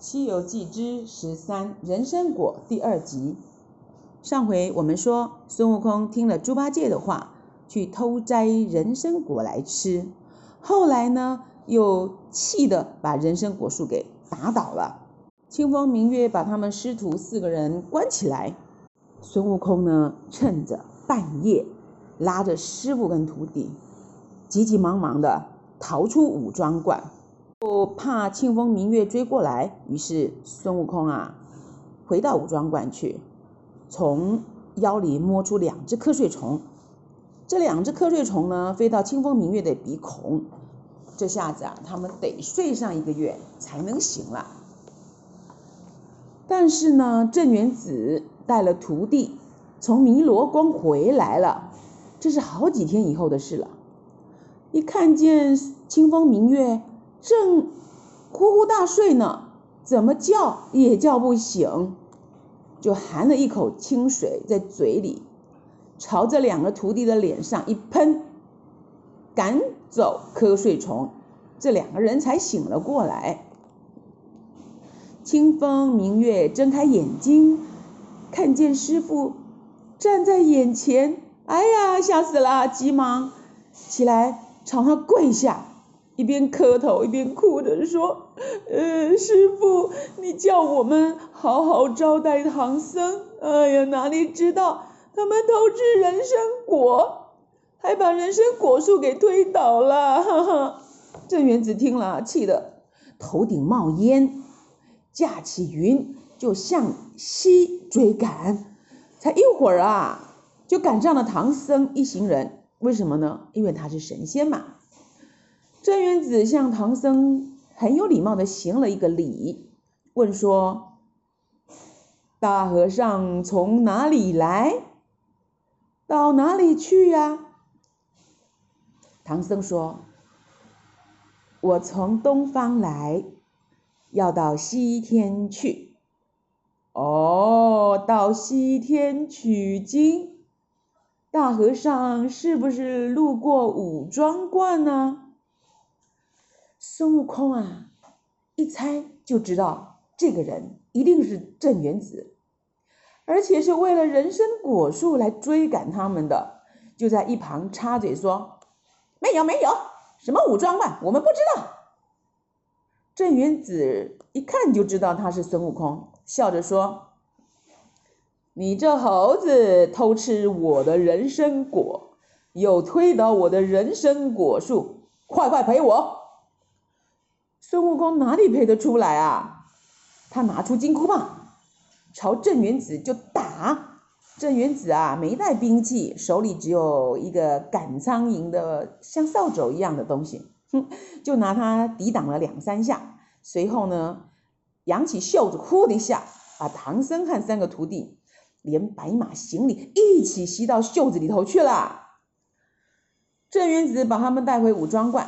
《西遊記》之十三《人參果》第二集。上回我們說，孫悟空聽了豬八戒的話，去偷摘人參果來吃。後來呢，又氣得把人參果樹給打倒了。清風明月把他們師徒四個人關起來。孫悟空呢，趁着半夜，拉着師傅跟徒弟，急急忙忙地逃出五莊觀。就怕清風明月追過來，於是孫悟空啊，回到五莊觀去，從腰裡摸出兩隻瞌睡蟲。這兩隻瞌睡蟲呢，飛到清風明月的鼻孔，這下子啊，他們得睡上一個月才能醒了。但是呢，鎮元子帶了徒弟從彌羅宮回來了，這是好幾天以後的事了。一看見清風明月，正呼呼大睡呢，怎麼叫也叫不醒，就含了一口清水在嘴裡，朝着兩個徒弟的臉上一噴，趕走瞌睡蟲，這兩個人才醒了過來。清風明月睜開眼睛，看見師傅站在眼前，哎呀，嚇死了，急忙起來朝他跪下。一邊磕頭一邊哭着說：“呃，師傅，你叫我們好好招待唐僧，哎呀，哪裡知道他們偷吃人參果，還把人參果樹給推倒了，哈哈！”鎮元子聽了氣得頭頂冒煙，駕起雲就向西追趕。才一會兒啊，就趕上了唐僧一行人。為什麼呢？因為他是神仙嘛。鎮元子向唐僧很有禮貌的行了一個禮，問說：“大和尚從哪裡來？到哪裡去呀、啊？”唐僧說：“我從東方來，要到西天去。”“哦，到西天取經。”“大和尚是不是路過五莊觀呢？”孫悟空啊，一猜就知道這個人一定是鎮元子，而且是為了人參果樹來追趕他們的，就在一旁插嘴說：“沒有，沒有什麼武裝吧？我們不知道。”鎮元子一看就知道他是孫悟空，笑着說：“你這猴子偷吃我的人參果，又推倒我的人參果樹，快快賠我！”孫悟空哪裡賠得出來啊？他拿出金箍棒，朝鎮元子就打。鎮元子啊，沒帶兵器，手裡只有一個趕蒼蠅的像掃帚一樣的東西，哼，就拿它抵擋了兩三下。隨後呢，揚起袖子，呼的一下，把唐僧和三個徒弟連白馬行李一起吸到袖子裡頭去了。鎮元子把他們帶回五莊觀。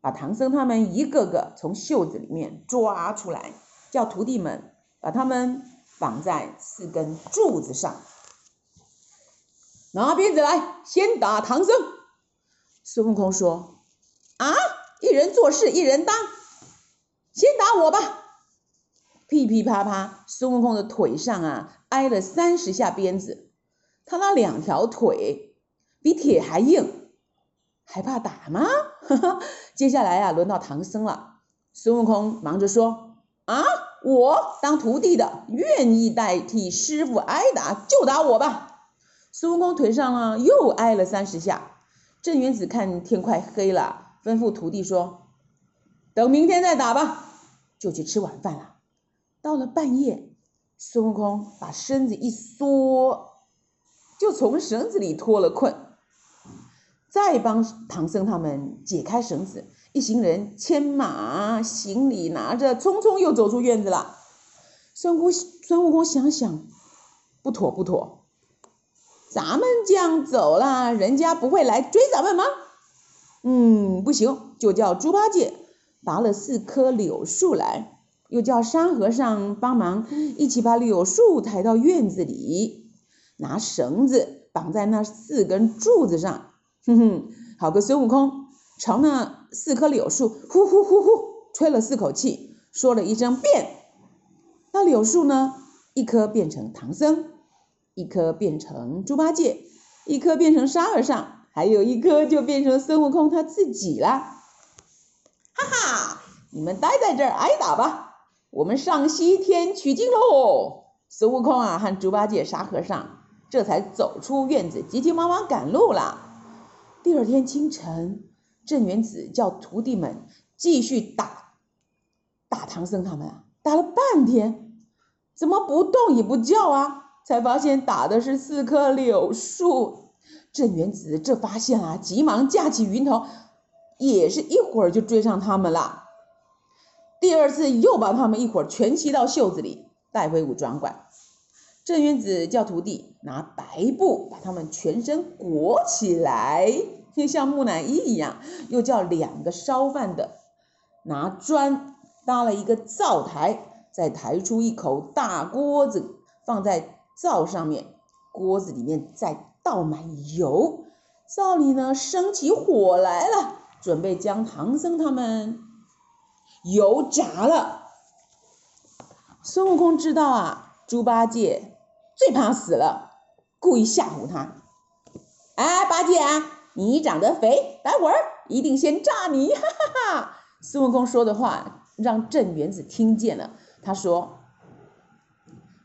把唐僧他們一個個從袖子裡面抓出來，叫徒弟們把他們綁在四根柱子上，拿鞭子來，先打唐僧。孫悟空說：“啊，一人做事一人當，先打我吧。”噼噼啪啪，孫悟空的腿上啊捱了三十下鞭子，他那兩條腿比鐵還硬。還怕打嗎？哈哈，接下來啊，輪到唐僧了。孫悟空忙着說：“啊，我當徒弟的，願意代替師傅挨打，就打我吧。”孫悟空腿上啊又挨了三十下。鎮元子看天快黑了，吩咐徒弟說：“等明天再打吧。”就去吃晚飯了。到了半夜，孫悟空把身子一縮，就從繩子裡脫了困。再幫唐僧他們解開繩子，一行人牽馬、行李拿着，匆匆又走出院子了。孫悟孫悟空想想，不妥不妥，咱們這樣走了，人家不會來追咱們嗎？嗯，不行，就叫豬八戒拔了四棵柳樹來，又叫沙和尚幫忙，一起把柳樹抬到院子裡，拿繩子綁在那四根柱子上。哼哼，好個孫悟空！朝那四棵柳樹呼呼呼呼吹了四口氣，說了一聲變。那柳樹呢，一棵變成唐僧，一棵變成豬八戒，一棵變成沙和尚，還有一棵就變成孫悟空他自己了。哈哈，你們待在這兒挨打吧，我們上西天取經嘍！孫悟空啊，和豬八戒、沙和尚這才走出院子，急急忙忙趕路了。第二天清晨，鎮元子叫徒弟們繼續打打唐僧他們啊，打了半天，怎麼不動也不叫啊？才發現打的是四棵柳樹。鎮元子這發現啊，急忙架起雲頭，也是一會兒就追上他們了。第二次又把他們一會兒全騎到袖子裡，帶回五莊觀。鎮元子叫徒弟拿白布把他們全身裹起來，就像木乃伊一樣。又叫兩個燒飯的拿磚搭了一個灶臺，再抬出一口大鍋子放在灶上面，鍋子裡面再倒滿油。灶裡呢，生起火來了，準備將唐僧他們油炸了。孫悟空知道啊，豬八戒，最怕死了，故意嚇唬他。哎，八戒啊，你長得肥，待會兒一定先炸你！哈哈哈！孫悟空說的話讓鎮元子聽見了，他說：“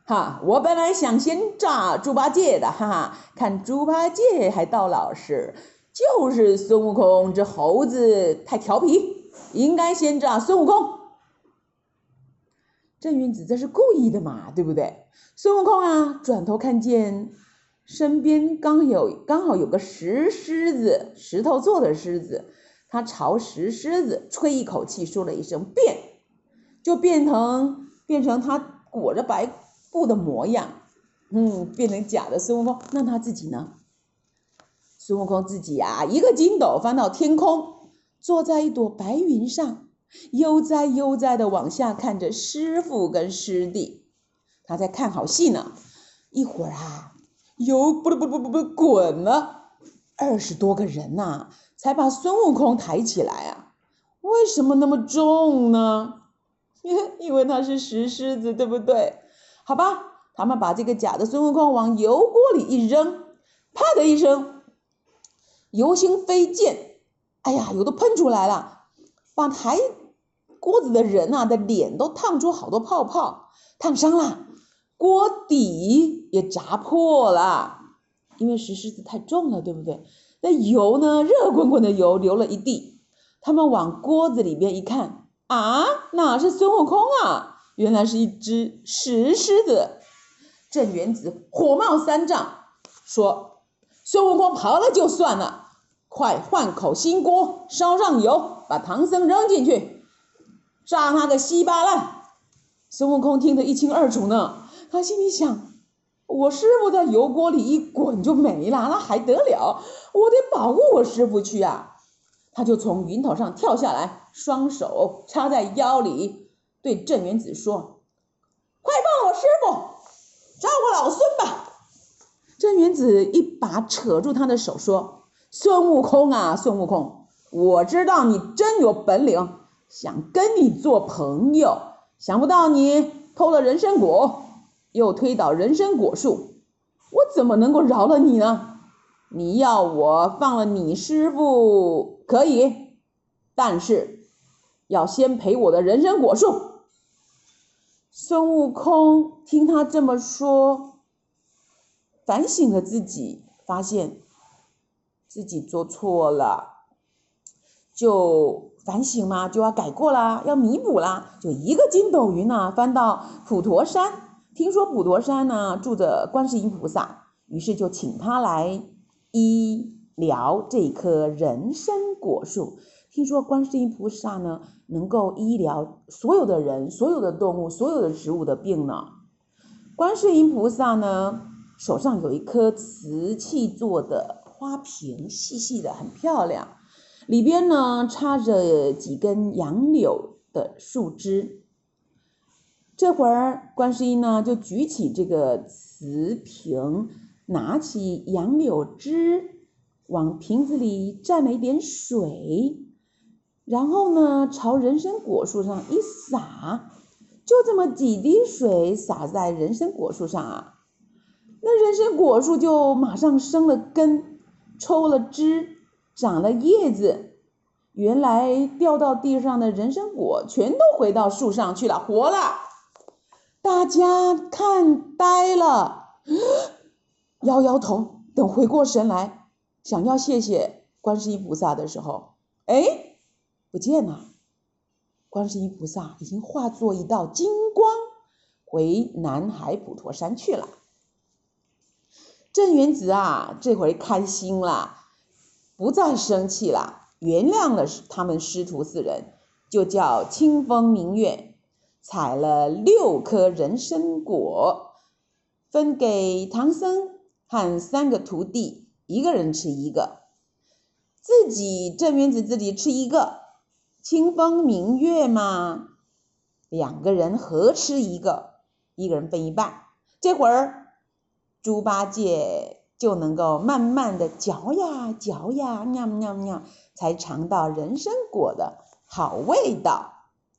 哈，我本來想先炸豬八戒的，哈哈，看豬八戒還倒老實，就是孫悟空這猴子太調皮，應該先炸孫悟空。”鎮元子，這是故意的嘛，對不對？孫悟空啊，轉頭看見身邊剛有剛好有個石獅子，石頭做的獅子，他朝石獅子吹一口氣，說了一聲“變”，就變成變成他裹着白布的模樣。嗯，變成假的孫悟空。那他自己呢？孫悟空自己啊，一個筋斗翻到天空，坐在一朵白雲上。悠哉悠哉的往下看着師傅跟師弟，他在看好戲呢。一會兒啊，油不不不不不滾了，二十多個人吶、啊，才把孫悟空抬起來啊。為什麼那麼重呢？因為他是石獅子，對不對？好吧，他們把這個假的孫悟空往油鍋裡一扔，啪的一聲，油星飛濺，哎呀，油都噴出來了，往台鍋子的人啊的臉都燙出好多泡泡，燙傷了，鍋底也炸破了，因爲石獅子太重了，對不對？那油呢？熱滾滾的油流了一地。他們往鍋子裡邊一看啊，哪是孫悟空啊？原來是一隻石獅子。鎮元子火冒三丈，說：“孫悟空跑了就算了，快換口新鍋，燒上油，把唐僧扔進去。”炸他個稀巴爛！孫悟空聽得一清二楚呢，他心裡想：我師傅在油鍋裡一滾就沒了，那還得了？我得保護我師傅去啊，他就從雲頭上跳下來，雙手插在腰裡，對鎮元子說：“快放我師傅，照顧老孫吧！”鎮元子一把扯住他的手，說：“孫悟空啊，孫悟空，我知道你真有本領。”想跟你做朋友，想不到你偷了人參果，又推倒人參果樹，我怎麼能夠饒了你呢？你要我放了你師傅，可以，但是要先賠我的人參果樹。孫悟空聽他這麼說，反省了自己，發現自己做錯了。就反省嘛、啊，就要改過啦，要彌補啦，就一個筋斗雲呢、啊，翻到普陀山。聽說普陀山呢、啊、住着觀世音菩薩，於是就請他來醫療這棵人參果樹。聽說觀世音菩薩呢能夠醫療所有的人、所有的動物、所有的植物的病呢。觀世音菩薩呢手上有一顆瓷器做的花瓶，細細的，很漂亮。裡邊呢插着幾根楊柳的樹枝。這會兒，觀世音呢就舉起這個瓷瓶，拿起楊柳枝，往瓶子裡蘸了一點水，然後呢朝人參果樹上一撒，就這麼幾滴水灑在人參果樹上啊，那人參果樹就馬上生了根，抽了枝。長了葉子，原來掉到地上的人參果全都回到樹上去了，活了！大家看呆了，搖搖頭。等回過神來，想要謝謝觀世音菩薩的時候，哎，不見了！觀世音菩薩已經化作一道金光，回南海普陀山去了。鎮元子啊，這回開心了。不再生氣了，原諒了他們師徒四人，就叫清風明月，采了六顆人參果，分給唐僧和三個徒弟，一個人吃一個，自己鎮元子，自己吃一個，清風明月嘛，兩個人合吃一個，一個人分一半。這會兒，豬八戒。就能夠慢慢的嚼呀嚼呀，尿尿尿，才嘗到人參果的好味道。